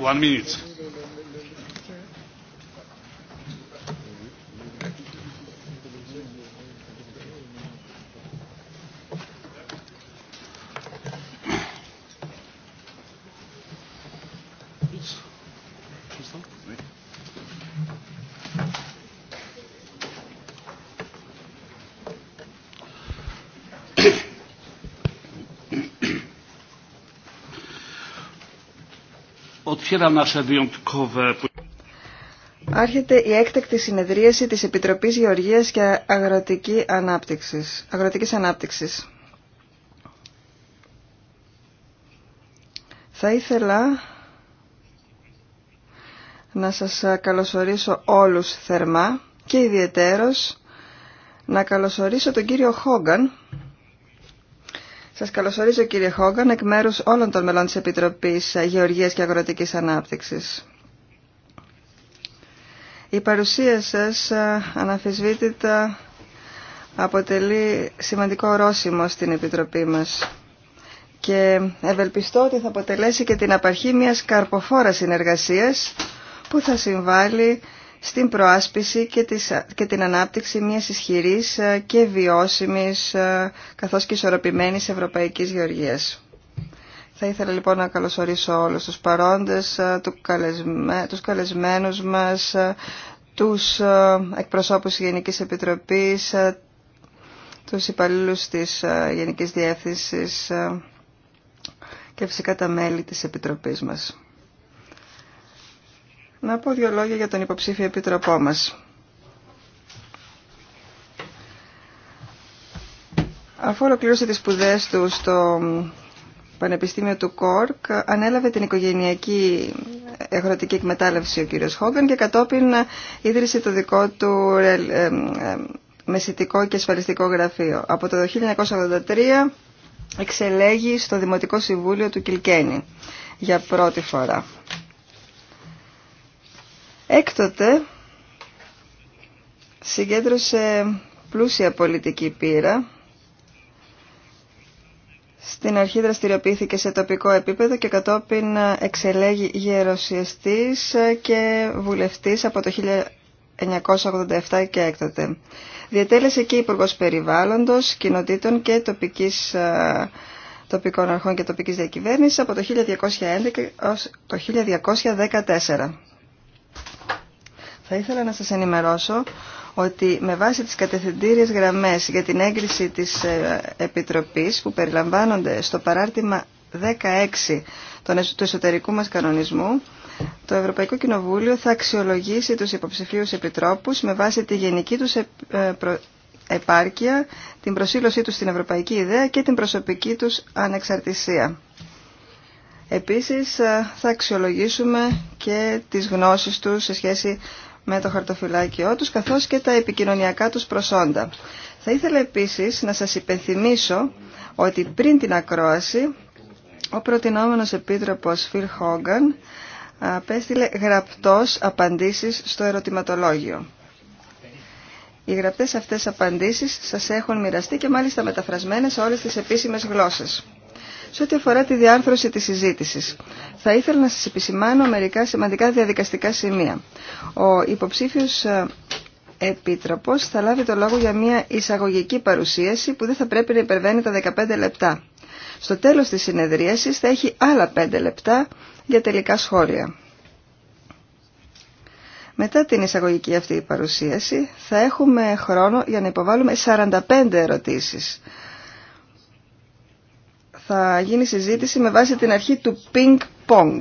One minute. Άρχεται η έκτακτη συνεδρίαση της Επιτροπής Γεωργίας και Αγροτική Ανάπτυξης. Αγροτικής Ανάπτυξης. Θα ήθελα να σας καλωσορίσω όλους θερμά και ιδιαιτέρως να καλωσορίσω τον κύριο Χόγκαν σας καλωσορίζω κύριε Χόγκαν εκ μέρους όλων των μελών της Επιτροπής Γεωργίας και Αγροτικής Ανάπτυξης. Η παρουσία σας ε, αναφυσβήτητα αποτελεί σημαντικό ορόσημο στην Επιτροπή μας και ευελπιστώ ότι θα αποτελέσει και την απαρχή μιας καρποφόρας συνεργασίας που θα συμβάλλει στην προάσπιση και την ανάπτυξη μιας ισχυρής ε, και βιώσιμης ε, καθώς και ισορροπημένης ευρωπαϊκής γεωργίας. Θα ήθελα λοιπόν να καλωσορίσω όλους τους παρόντες, ε, τους καλεσμένους μας, τους εκπροσώπους της Γενικής Επιτροπής, τους υπαλλήλους της Γενικής Διεύθυνσης και φυσικά τα μέλη της Επιτροπής μας. Να πω δύο λόγια για τον υποψήφιο επίτροπό μας. Αφού ολοκλήρωσε τις σπουδές του στο Πανεπιστήμιο του Κόρκ, ανέλαβε την οικογενειακή εχρωτική εκμετάλλευση ο κύριος Χόγκαν και κατόπιν ίδρυσε το δικό του ε, ε, μεσητικό και ασφαλιστικό γραφείο. Από το 1983 εξελέγει στο Δημοτικό Συμβούλιο του Κιλκένη για πρώτη φορά. Έκτοτε συγκέντρωσε πλούσια πολιτική πείρα. Στην αρχή δραστηριοποιήθηκε σε τοπικό επίπεδο και κατόπιν εξελέγει γεροσιαστής και βουλευτής από το 1987 και έκτοτε. Διατέλεσε και υπουργό Περιβάλλοντος, Κοινοτήτων και τοπικής, τοπικών αρχών και τοπικής διακυβέρνησης από το 1211 έως το 1214. Θα ήθελα να σας ενημερώσω ότι με βάση τις κατευθυντήριες γραμμές για την έγκριση της ε, Επιτροπής που περιλαμβάνονται στο παράρτημα 16 του εσωτερικού μας κανονισμού, το Ευρωπαϊκό Κοινοβούλιο θα αξιολογήσει τους υποψηφίους επιτρόπους με βάση τη γενική τους ε, ε, επάρκεια, την προσήλωσή τους στην ευρωπαϊκή ιδέα και την προσωπική τους ανεξαρτησία. Επίσης θα αξιολογήσουμε και τις γνώσεις τους σε σχέση με το χαρτοφυλάκιό τους καθώς και τα επικοινωνιακά τους προσόντα. Θα ήθελα επίσης να σας υπενθυμίσω ότι πριν την ακρόαση ο προτινόμενος επίτροπος Φιλ Χόγκαν απέστειλε γραπτός απαντήσεις στο ερωτηματολόγιο. Οι γραπτές αυτές απαντήσεις σας έχουν μοιραστεί και μάλιστα μεταφρασμένες σε όλες τις επίσημες γλώσσες σε ό,τι αφορά τη διάρθρωση της συζήτησης. Θα ήθελα να σας επισημάνω μερικά σημαντικά διαδικαστικά σημεία. Ο υποψήφιος ε, Επίτροπος θα λάβει το λόγο για μια εισαγωγική παρουσίαση που δεν θα πρέπει να υπερβαίνει τα 15 λεπτά. Στο τέλος της συνεδρίασης θα έχει άλλα 5 λεπτά για τελικά σχόλια. Μετά την εισαγωγική αυτή παρουσίαση θα έχουμε χρόνο για να υποβάλουμε 45 ερωτήσεις θα γίνει συζήτηση με βάση την αρχή του ping-pong.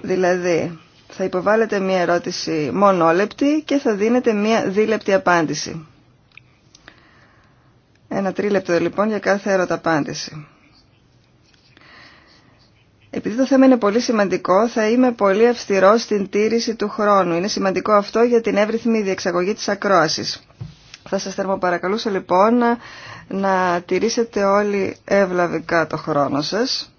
Δηλαδή, θα υποβάλλετε μία ερώτηση μονόλεπτη και θα δίνετε μία δίλεπτη απάντηση. Ένα τρίλεπτο λοιπόν για κάθε έρωτα απάντηση. Επειδή το θέμα είναι πολύ σημαντικό, θα είμαι πολύ αυστηρό στην τήρηση του χρόνου. Είναι σημαντικό αυτό για την εύρυθμη διεξαγωγή της ακρόασης. Θα σας θερμοπαρακαλούσα λοιπόν να τηρήσετε όλοι ευλαβικά το χρόνο σας,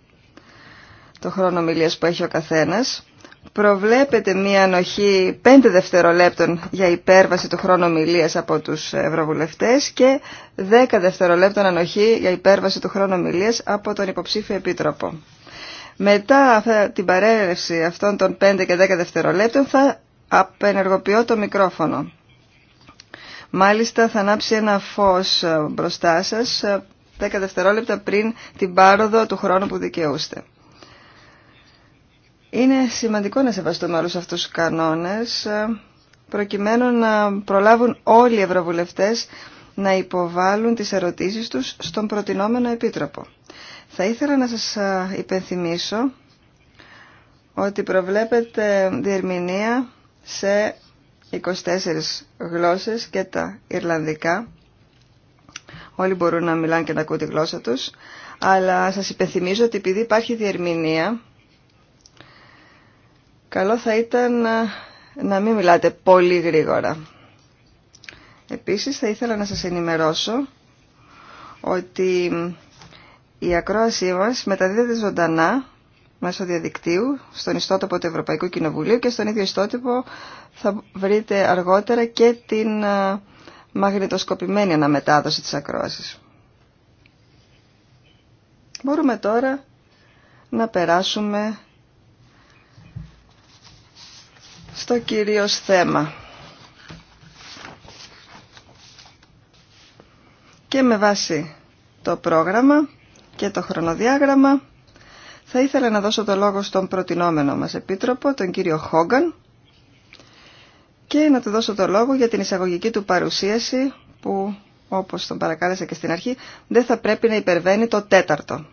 το χρόνο μιλίας που έχει ο καθένας. Προβλέπετε μία ανοχή 5 δευτερολέπτων για υπέρβαση του χρόνου μιλίας από τους ευρωβουλευτές και 10 δευτερολέπτων ανοχή για υπέρβαση του χρόνου μιλίας από τον υποψήφιο επίτροπο. Μετά την παρέλευση αυτών των 5 και 10 δευτερολέπτων θα απενεργοποιώ το μικρόφωνο. Μάλιστα θα ανάψει ένα φως ε, μπροστά σας 10 ε, δευτερόλεπτα πριν την πάροδο του χρόνου που δικαιούστε. Είναι σημαντικό να σεβαστούμε όλους αυτούς τους κανόνες ε, προκειμένου να προλάβουν όλοι οι ευρωβουλευτές να υποβάλουν τις ερωτήσεις τους στον προτινόμενο επίτροπο. Θα ήθελα να σας υπενθυμίσω ότι προβλέπεται διερμηνία σε 24 γλώσσες και τα Ιρλανδικά. Όλοι μπορούν να μιλάνε και να ακούν τη γλώσσα τους. Αλλά σας υπενθυμίζω ότι επειδή υπάρχει διερμηνία, καλό θα ήταν να, ε, να μην μιλάτε πολύ γρήγορα. Επίσης θα ήθελα να σας ενημερώσω ότι η ακρόασή μας μεταδίδεται ζωντανά μέσω διαδικτύου στον ιστότοπο του Ευρωπαϊκού Κοινοβουλίου και στον ίδιο ιστότοπο θα βρείτε αργότερα και την ε, μαγνητοσκοπημένη αναμετάδοση της ακρόασης. Μπορούμε τώρα να περάσουμε στο κυρίως θέμα. Και με βάση το πρόγραμμα και το χρονοδιάγραμμα θα ήθελα να δώσω το λόγο στον προτινόμενο μας επίτροπο, τον κύριο Χόγκαν, και να του δώσω το λόγο για την εισαγωγική του παρουσίαση που, όπως τον παρακάλεσα και στην αρχή, δεν θα πρέπει να υπερβαίνει το τέταρτο.